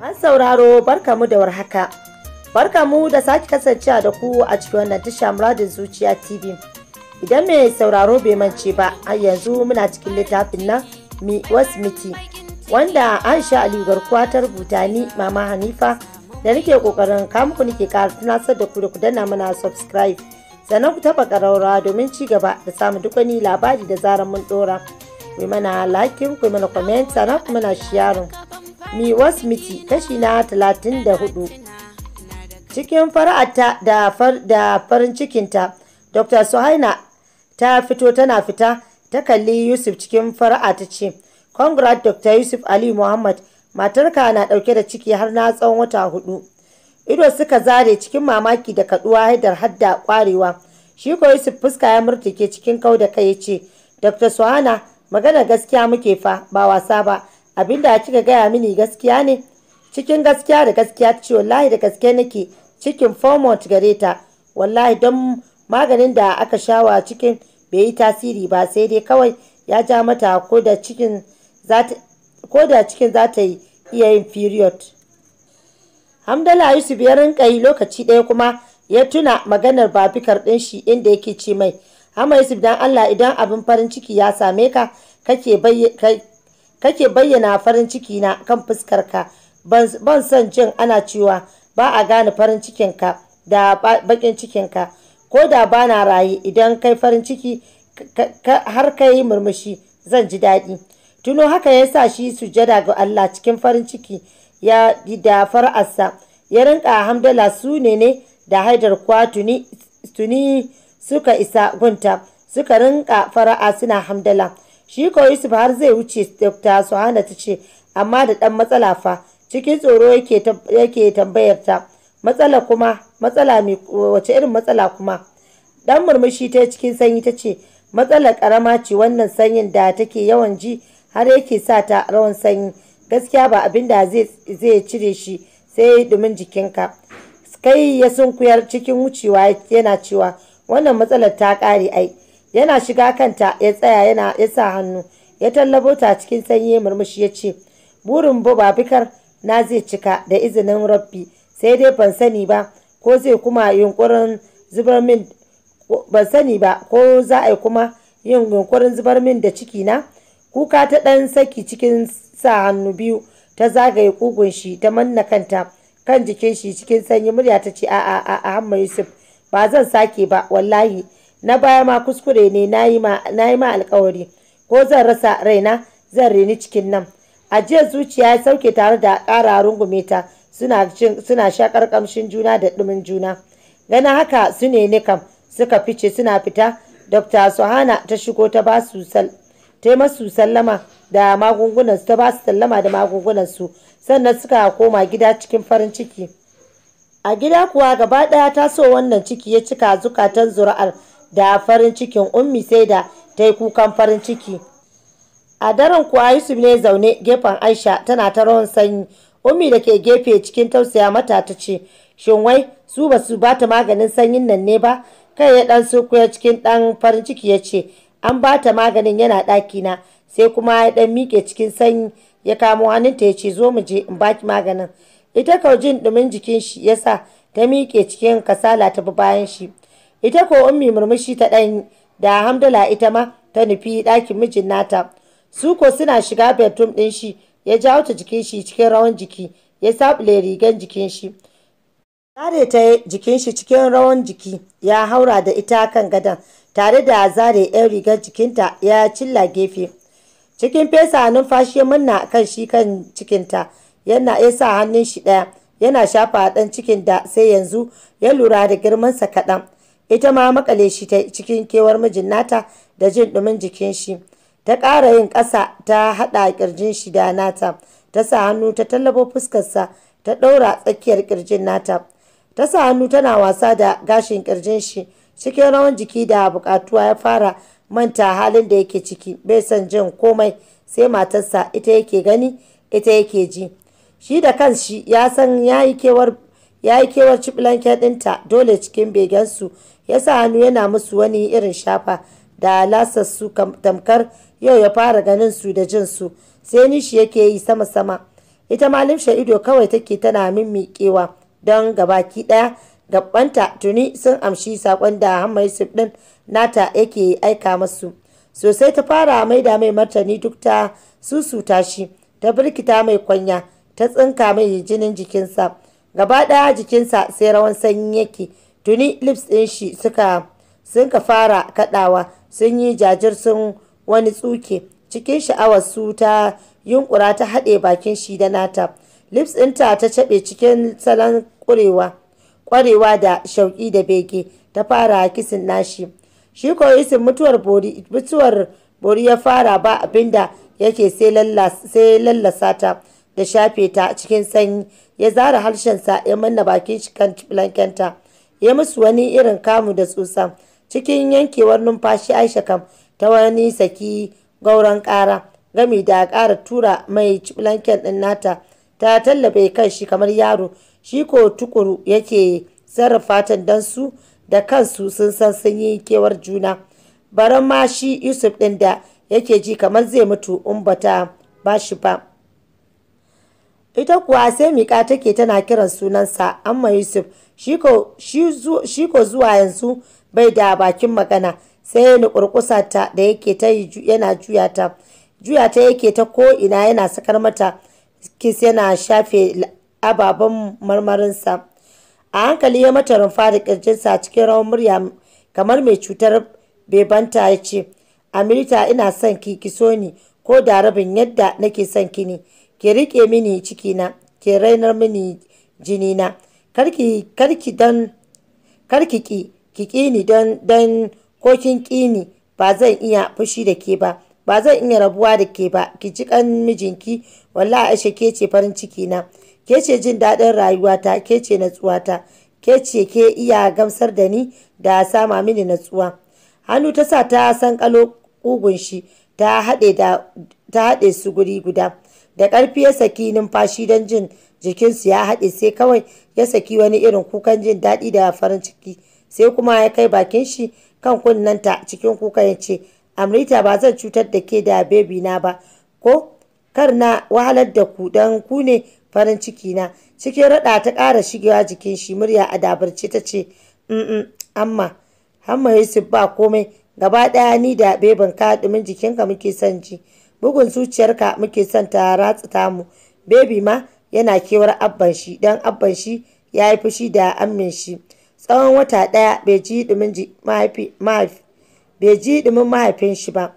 An sauraro barka mu da warhaka. barka mu da sake kasancewa da ku a cikin wannan tasha muradin zuciya TV. Idan mai sauraro bai mance ba, har yanzu muna cikin littafin nan Mi Wasmiti wanda Aisha Aliyu garkuwa ta rubuta ni Mama Hanifa da nake kokarin ku nake kara tunasar da ku da ku danna mana subscribe. Sannan ku taɓa ƙararrawa domin ci gaba da samun duk wani labari da zarar mun dora. Ku mana like, ku mana comment, sannan ku mana sharing. miwas miti kashi na 34 cikin fara'ata da farin cikinta dr suhaina ta fito tana fita ta kalli yusuf cikin fara'a ta ce Congrats dr yusuf ali muhammad matarka na ɗauke da ciki har na tsawon wata hudu ido suka zare cikin mamaki da kaduwa haidar hadda kwarewa shi ko yusuf fuska ya murtuke cikin kau da kai ce dr suhana magana gaskiya muke fa ba wasa ba abinda kika gaya mini gaskiya ne cikin gaskiya da gaskiya ce wallahi da gaske nake cikin formont gare ta wallahi don maganin da aka shawa cikin bai yi tasiri ba sai dai kawai ya ja mata ko da cikin za ta yi iya yin period hamdala yusuf ya rinka yi lokaci ɗaya kuma ya tuna maganar babikar ɗin shi inda yake ce mai hama yusuf don allah idan abin farin ciki ya same ka kake kake bayyana farin ciki na kan fuskarka ban son jin ana cewa ba a gane farin cikinka da bakin cikinka ko da ba na raye idan kai farin ciki har kai murmushi zan ji daɗi tuno haka ya sa shi sujada ga Allah cikin farin ciki ya da far'arsa ya rinka hamdala su ne ne da haidar kuwa tuni suka isa gunta suka rinka fara'a suna hamdala shi ko yusuf har zai wuce ta suhana ta ce amma da ɗan matsala fa cikin tsoro yake tambayar ta matsala kuma matsala wace irin matsala kuma ɗan murmushi ta cikin sanyi ta ce matsalar karama ce wannan sanyin da take yawan ji har yake sa ta rawan sanyi gaskiya ba abin da zai cire shi sai dumin jikinka kai ya sunkuyar cikin wucewa yana cewa wannan matsalar ta ƙare ai yana shiga kanta ya tsaya yana ya sa hannu ya tallabo ta cikin sanyi murmushi ya ce burin ba bikar na zai cika da izinin rabbi sai dai ban sani ba ko zai kuma yunkurin zubar min ban sani ba ko za a yi kuma yin yunkurin zubar min da ciki na kuka ta ɗan saki cikin sa hannu biyu ta zagaye kugun shi ta manna kanta kan jikin shi cikin sanyi murya ta ce a a'a a yusuf ba zan sake ba wallahi na baya ma kuskure ne na yi ma alkawari ko zan rasa raina zan reni cikin nan a jiya zuciya ya sauke tare da ƙara rungume ta suna shakar ƙamshin juna da ɗumin juna ganin haka su ne ne suka fice suna fita dr sohana ta shigo ta ba su ta masu sallama da magungunansu, ta ba su sallama da magungunan sannan suka koma gida cikin farin ciki a gida kuwa gaba ɗaya so wannan ciki ya cika zukatan zuri'ar da farin cikin ummi sai da ta yi kukan farin ciki a daren kuwa yusuf ne zaune gefen aisha tana ta rawan sanyi ummi da ke gefe cikin tausaya mata ta ce shin wai su ba su bata maganin sanyin nan ne ba kai ya dan sukuya cikin dan farin ciki ya ce an bata maganin yana ɗaki na sai kuma ya dan miƙe cikin sanyi ya kamo hannunta ya ce zo mu je in baki maganin ita jin ɗumin jikin shi yasa ta miƙe cikin kasala ta bi bayan shi ita ko ummi murmushi ta ɗan da hamdala ita ma ta nufi ɗakin mijin nata su ko suna shiga bedroom ɗin shi ya jawo ta jikin shi cikin rawan jiki ya sabule rigan jikin shi zare ta jikin shi cikin rawan jiki ya haura da ita kan gadon tare da zare yan rigar jikinta ya cilla gefe cikin fesa numfashi munna kan shi kan cikinta yana ya sa hannun shi ɗaya yana shafa ɗan cikin da sai yanzu ya lura da girmansa kaɗan ita ma makale shi ta cikin kewar mijin nata da jin ɗumin jikin shi ta ƙara yin ƙasa ta haɗa ƙirjin shi da nata ta sa hannu ta tallabo fuskarsa ta ɗaura tsakiyar ƙirjin nata ta sa hannu tana wasa da gashin ƙirjin shi cikin rawan jiki da buƙatuwa ya fara manta halin da yake ciki bai son jin komai sai matarsa ita yake gani ita yake ji shi da shi ya san yayi kewar ya yi kewar ciblanke ɗinta dole cikin begensu ya sa hannu yana musu wani irin shafa da lasassu tamkar yau ya fara ganin su da jin su sai nishi yake yi sama-sama ita malim ido kawai take tana min miƙewa don gabaki ɗaya gabbanta tuni sun amshi saƙon da hamma yusuf ɗin nata yake aika masu sosai ta fara mai da mai martani duk ta susuta shi ta birkita mai kwanya ta tsinka mai jinin jikinsa gaba ɗaya jikinsa sai rawan sanyi yake tuni lips ɗin shi suka sun ka fara kaɗawa sun yi jajir sun wani tsuke cikin sha'awar su ta yunkura ta haɗe bakin shi da nata lips ɗinta ta ta caɓe cikin salon ƙurewa ƙwarewa da shauƙi da bege ta fara kisin nashi shi koyisin mutuwar bori mutuwar bori ya fara ba abinda yake sai lallasa ta da shafe ta cikin sanyi ya zara harshensa ya manna bakin shi kan blankenta ya musu wani irin kamu da tsusan cikin yankewar numfashi aisha kam ta wani saki gauran ƙara gami da ƙara tura mai blanket ɗin nata ta tallabe kan shi kamar yaro shi ko tukuru yake sarrafa ta dan su da kansu sun san sun yi kewar juna baran ma shi yusuf ɗin da yake ji kamar zai mutu in bata ba shi ba ita kuwa sai miƙa take tana kiran sunansa amma yusuf shi ko zuwa yanzu bai da bakin magana sai ya nukurkusa ta da yake ta yana juya ta juya ta yake ta ko ina yana sakar mata kis yana shafe ababen marmarinsa a hankali ya mata rumfa da kirjinsa cikin rawan murya kamar mai cutar bebanta ya ce amirita ina son ki ki so ni ko da rabin yadda nake son ki ne ki riƙe mini cikina ki rainar mini jinina karki karki ki ki kini don kokin ko kin ba zan iya fushi da ke ba ba zan iya rabuwa da ke ba ki ji kan mijinki wallahi Aisha ke ce farin ciki na ke ce jin daɗin rayuwata ke ce natsuwata ke ce ke iya gamsar da ni da sama mini natsuwa hannu ta sa ta san kalo kugun shi ta haɗe su guri guda da ƙarfi ya saki numfashi don jin jikinsu ya haɗe sai kawai ya saki wani irin kukan jin daɗi da farin ciki sai kuma ya kai bakin shi kan kunnanta cikin kuka ya ce amrita ba zan cutar da ke da bebi na ba ko kar na wahalar da ku don ku ne farin ciki na cikin raɗa ta ƙara shigewa jikin shi murya a dabarce ta ce amma hamma yusuf ba komai gaba ɗaya ni da bebin ka ɗumin jikinka muke son ji bugun zuciyarka muke son ta ratsa mu. bebi ma yana kewar abban shi dan abban shi ya yi fushi da amin shi tsawon wata ɗaya bai ji dumin mahaifin shi ba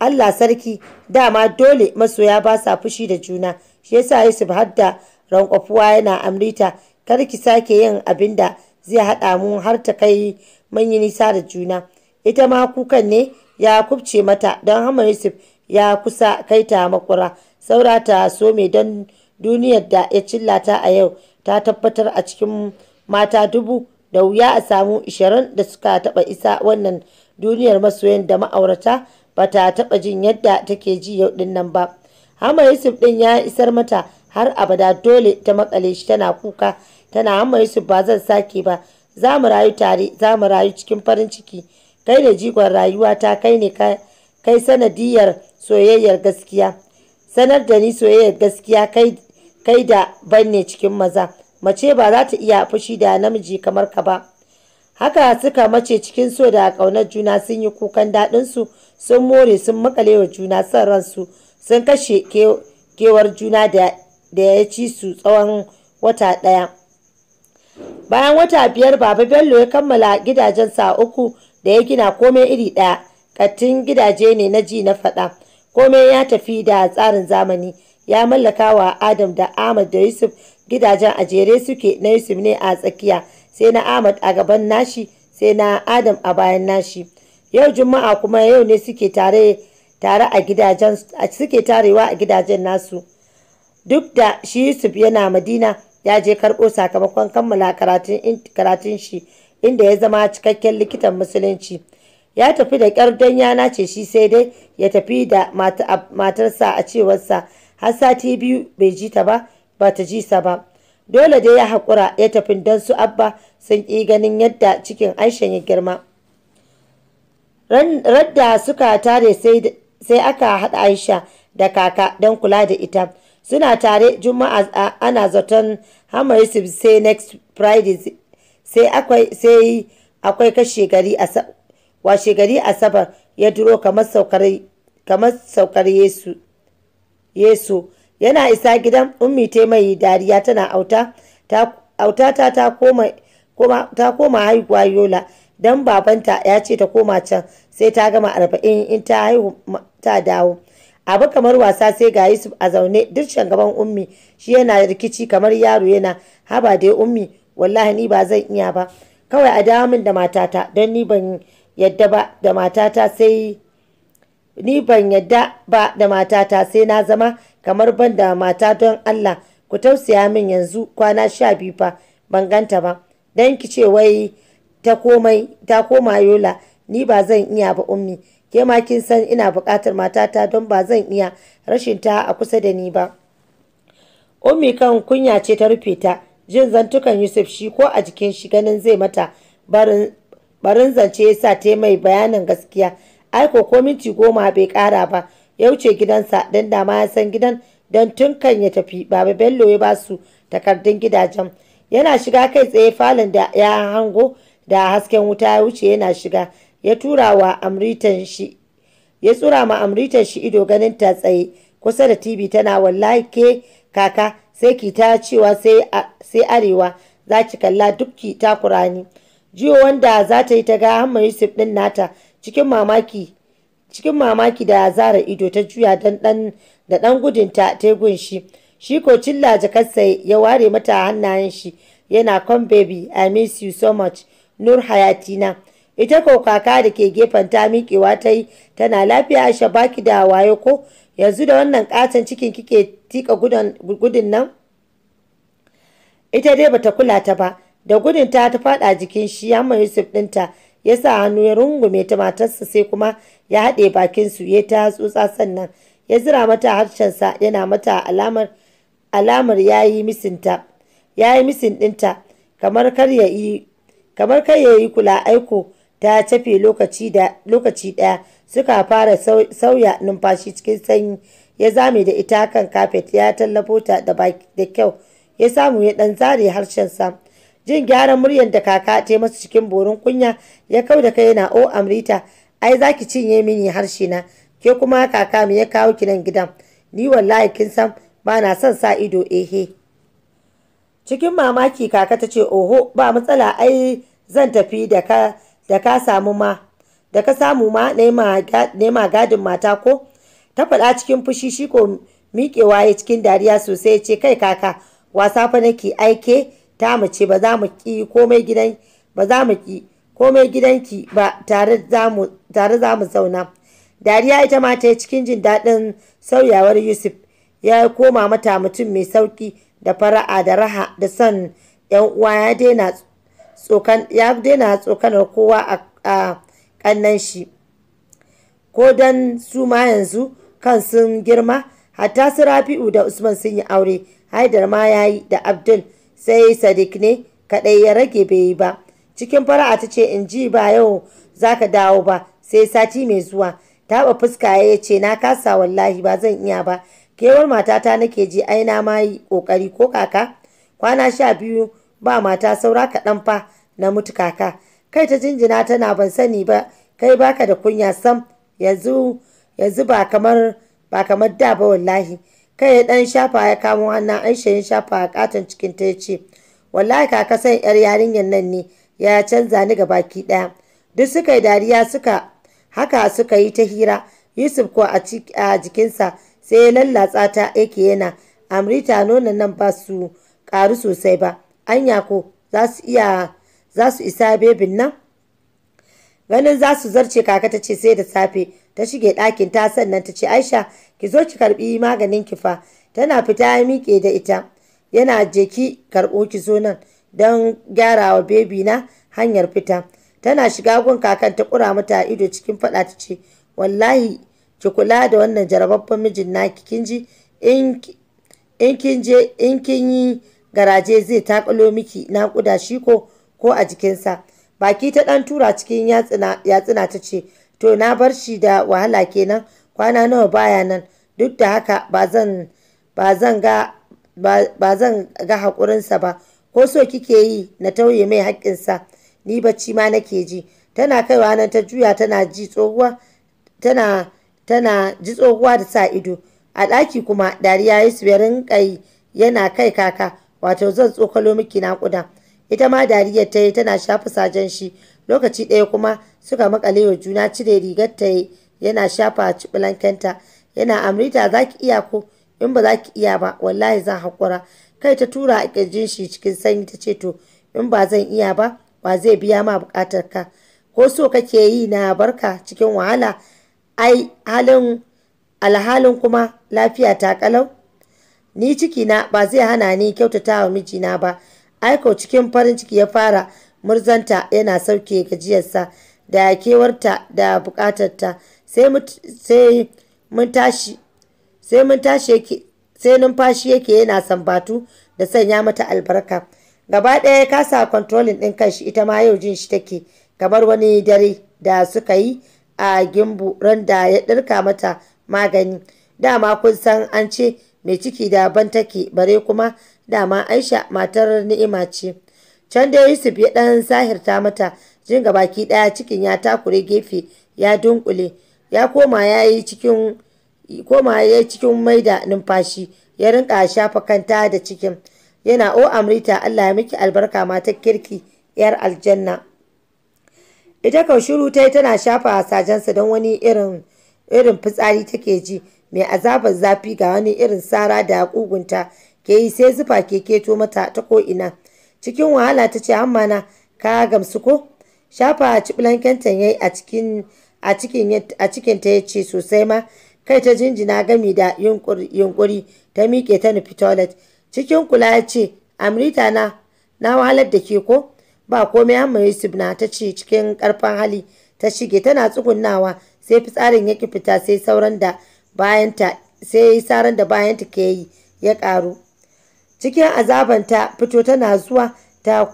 Allah sarki dama dole masoya ba sa fushi da juna shi yasa Yusuf har da rankwafuwa yana amrita kar ki sake yin abin da zai haɗa mu har ta kai mun nisa da juna ita ma kukan ne ya kubce mata don hama Yusuf ya kusa kai ta makura saura ta so mai don duniyar da ya cillata a yau ta tabbatar a cikin mata dubu da wuya a samu ishirin da suka taba isa wannan duniyar masoyan da ma'aurata ba ta taɓa jin yadda take ji yau din nan ba hama yusuf ɗin ya isar mata har abada dole ta makale shi tana kuka tana hama yusuf ba zan sake ba za mu rayu tare za mu rayu cikin farin ciki kai ne jigon rayuwa ta kai ne ka kai sanadiyar soyayyar gaskiya sanar da ni soyayyar gaskiya kai kai da ne cikin maza mace ba za ta iya fushi da namiji kamar ka ba haka suka mace cikin so da ƙaunar juna sun yi kukan daɗinsu sun more sun makale wa juna son ransu sun kashe kewar juna da ya ci su tsawon wata ɗaya bayan wata biyar baba bello ya kammala gidajen sa uku da ya gina komai iri ɗaya kattin gidaje ne na ji na faɗa komai ya tafi da tsarin zamani ya mallaka wa adam da ahmad da yusuf gidajen a jere suke na yusuf ne a tsakiya sai na ahmad a gaban nashi sai na adam a bayan nashi yau juma'a kuma yau ne suke tare tare a gidajen suke tarewa a gidajen nasu duk da shi yusuf yana madina ya je karɓo sakamakon kammala karatun shi inda ya zama cikakken likitan musulunci ya tafi da kyar don yana ce shi sai dai ya tafi da matarsa a cewarsa har sati biyu bai ji ta ba ba ta ji sa ba dole dai ya haƙura ya tafi don su abba sun ƙi ganin yadda cikin aishan ya girma radda suka tare sai aka haɗa aisha da kaka don kula da ita suna tare juma'a ana zaton hamar sai next friday sai akwai kashe gari a washe gari asabar ya duro kamar saukar yesu yesu yana isa gidan ummi ta mai dariya tana auta autata ta koma ta koma haihuwa yola don babanta ya ce ta koma can sai ta gama arba'in in ta haihu ta dawo abu kamar wasa sai ga yusuf a zaune dirshan gaban ummi shi yana rikici kamar yaro yana haba dai ummi wallahi ni ba zan iya ba kawai a dawo min da matata don ni ban yadda ba da matata sai ni ban yadda ba da matata sai na zama kamar ban da mata don Allah ku tausaya min yanzu kwana sha biyu fa ban ganta ba dan ki ce wai ta komai ta koma yola ni ba zan iya ba ummi ke ma kin san ina bukatar matata don ba zan iya rashin ta a kusa da ni ba ummi kan kunya ce ta rufe ta jin zantukan yusuf shi ko a jikin shi ganin zai mata barin barin zance ya sa ta mai bayanin gaskiya aiko ko minti goma bai kara ba ya wuce gidansa don dama ya san gidan don tun kan ya tafi baba bello ya basu takardun gidajen yana shiga kai tsaye falon da ya hango da hasken wuta ya wuce yana shiga ya tura wa amritan shi ya tsura ma amritan shi ido ganin ta tsaye kusa da tv tana wallahi ke kaka sai ki ta cewa sai arewa za ki kalla duk ki takura ni. jiyo wanda za ta yi ta ga hamma yusuf ɗin nata cikin mamaki cikin mamaki da zara ido ta juya dan da ɗan gudun ta gun shi shi ko cilla jakarsa ya ware mata hannayen shi yana come baby i miss you so much nur hayati na ita ko kaka da ke gefen ta miƙewa ta yi tana lafiya aisha baki da waye ko yanzu da wannan katon cikin kike tika gudun nan ita dai bata kula ta ba da gudun ta faɗa jikin shi yamma yusuf dinta ya sa hannu ya rungume ta matarsa sai kuma ya haɗe bakin su ya ta tsutsa sannan ya zira mata harshensa yana mata alamar ya yi misinta ya misin dinta kamar kar ya yi kamar kar ya yi kula aiko ta cafe lokaci da ɗaya suka fara sauya numfashi cikin sanyi ya zame da ita kan kafet ya tallafo ta da kyau ya samu ya dan zare harshensa jin gyaran muryar da kaka ta masa cikin borin kunya ya kau da kai yana o amrita ai zaki cinye mini harshe na ke kuma kaka mu ya kawo ki nan gidan ni wallahi kin san ba na son sa ido ehe cikin mamaki kaka ta ce oho ba matsala ai zan tafi da ka da ka samu ma da ka samu ma nema gadin mata ko ta faɗa cikin fushi shi ko miƙewa ya cikin dariya sosai ce kai kaka wasa fa nake aike ta mace ba za mu ki komai gidan ba za mu ki komai gidanki ba tare za mu tare za mu zauna dariya ita ma ta cikin jin daɗin sauyawar yusuf ya koma mata mutum mai sauƙi da fara'a da raha da son yan uwa ya daina tsokan ya daina tsokanar kowa a kannan shi ko dan su ma yanzu kan sun girma hatta su rafi'u da usman sun yi aure haidar ma ya da abdul sai sadik ne kaɗai ya rage bai yi ba cikin fara'a ta ce in ji ba yau za ka dawo ba sai sati mai zuwa taɓa fuska ya ce na kasa wallahi ba zan iya ba kewar matata nake ji aina ma yi ƙoƙari ko kaka kwana sha biyu ba mata saura kaɗan fa na mutu kaka kai ta jinjina tana ban sani ba kai baka da kunya sam yanzu ba kamar ba kamar da ba wallahi kai ya dan shafa ya kamo hannu aisha ya shafa a katon cikin ta yace wallahi kaka san yar yarinyar nan ne ya canza ni baki daya duk suka yi dariya suka haka suka yi ta hira yusuf ko a jikinsa sai ya lallatsa ta yake yana amrita nonon nan ba su karu sosai ba anya ko za su iya za su isa bebin nan ganin za su zarce kaka ta ce sai da safe ta shige ɗakin ta sannan ta ce aisha ki zo ki karbi maganin ki fa tana fita ya miƙe da ita yana jeki karɓo ki zo nan don wa bebi na hanyar fita tana shiga gun kakan ta kura mata ido cikin faɗa ta ce wallahi ki kula da wannan jarababban mijin naki kin ji in kin je in kin yi garaje zai takalo miki naƙuda shi ko ko a jikinsa baki ta ɗan tura cikin yatsina ta ce to na bar shi da wahala kenan kwana nawa baya nan duk da haka ba zan ga haƙurinsa ba ko so kike yi na tauye mai haƙƙinsa ni bacci ma nake ji tana kaiwa nan ta juya tana ji tsohuwa tana tana ji tsohuwa da sa ido a ɗaki kuma dariya ya su yarin kai yana kai kaka wato zan tsokalo miki naƙuda ita ma dariya ta yi tana shafa sajen shi lokaci ɗaya kuma suka makale wa juna cire rigar ta yi yana shafa cibilankenta yana amrita za ki iya ko in ba za ki iya ba wallahi zan haƙura kai ta tura a ƙirjin shi cikin sanyi ta ce to in ba zan iya ba ba zai biya ma buƙatar ka ko so kake yi na barka cikin wahala ai halin alhalin kuma lafiya ta kalau ni ciki na ba zai hana ni kyautata wa mijina ba aiko cikin farin ciki ya fara murzanta yana sauke gajiyarsa da kewarta da buƙatarta sai mun tashi yake sai numfashi yake yana sambatu da sanya mata albarka gaba ɗaya ya kasa kwantolin ɗin kanshi ita ma yau jin shi take kamar wani dare da suka yi a gimbu randa ya ɗirka mata magani dama kun san an ce mai ciki da ban take bare kuma dama aisha matar ni'ima ce can dai yusuf ya ɗan sahirta mata jin gabaki ɗaya cikin ya takure gefe ya dunƙule. ya koma ya yi cikin koma ya yi cikin mai da numfashi ya rinka shafa kanta da cikin yana o amrita allah ya miki albarka mata kirki yar aljanna ita kau shiru ta tana shafa sajensa don wani irin irin fitsari take ji mai azabar zafi ga wani irin sara da kugunta ke yi sai zufa ke keto mata ta ko ina cikin wahala ta ce na, ka gamsu ko shafa ciblan yayi a cikin a cikinta ya ce sosai ma kai ta jinjina gami da yunkuri ta miƙe ta nufi toilet cikin kula ya ce amrita na na wahalar da ke ko ba komai Hamma yusuf na ta ce cikin karfin hali ta shige tana tsugunnawa sai fitsarin ki fita sai sauran da bayanta sai saran da bayanta ke yi ya karu cikin azabanta fito tana zuwa ta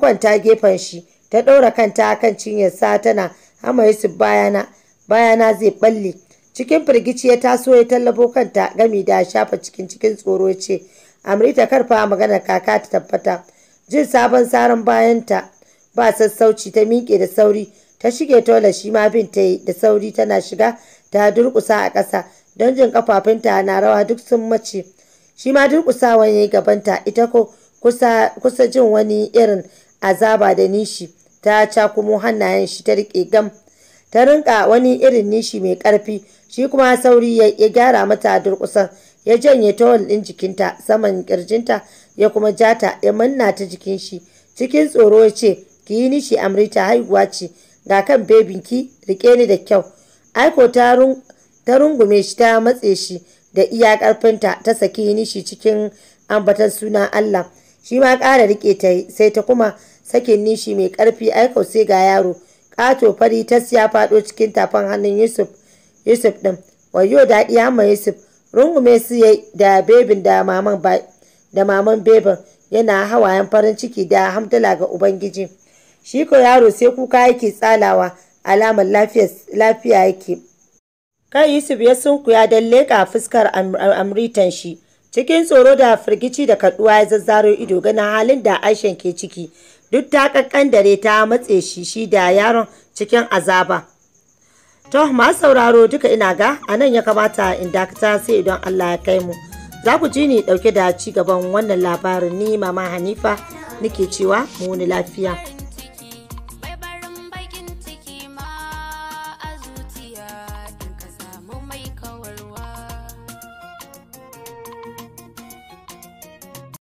kwanta gefen shi ta ɗaura kanta kan cinyarsa tana Hama Yusuf bayana bayana zai balle cikin firgici ya taso ya tallafo kanta gami da shafa cikin cikin tsoro ya ce Amrita karfa magana kaka ta tabbata jin sabon saran bayanta ba sassauci ta miƙe da sauri ta shige tola shi ma bin ta yi da sauri tana shiga ta durƙusa a ƙasa don jin kafafunta na rawa duk sun mace shi ma durƙusawan ya yi gabanta ita ko kusa jin wani irin azaba da nishi ta cakumo hannayen shi ta riƙe gam ta rinka wani irin nishi mai ƙarfi shi kuma sauri ya gyara mata durƙusan ya janye tawal ɗin jikinta saman ƙirjinta ya kuma jata ya manna ta jikin shi cikin tsoro ya ce ki yi nishi amrita haihuwa ce ga kan ki riƙe ni da kyau aiko ta rungume shi ta matse shi da iya ƙarfinta ta saki nishi cikin ambatan sunan allah shi ma ƙara riƙe ta sai ta kuma sakin nishi mai ƙarfi aikau sai ga yaro ƙato fari ta ya faɗo cikin tafan hannun yusuf yusuf ɗin wayo daɗi hama yusuf rungume su yai da bebin da maman da maman bebin yana hawayen farin ciki da hamdala ga ubangiji shi ko yaro sai kuka yake tsalawa alamar lafiya yake kai yusuf ya sunkuya don leƙa fuskar amritan shi cikin tsoro da firgici da kaɗuwa ya zazzaro ido ganin halin da aishan ke ciki duk ta dare ta matse shi shi da yaron cikin azaba to ma sauraro duka ina ga a nan ya kamata in dakata sai idan allah ya kai mu za ku ji ni ɗauke da ci gaban wannan labarin ni mama hanifa nake cewa mu lafiya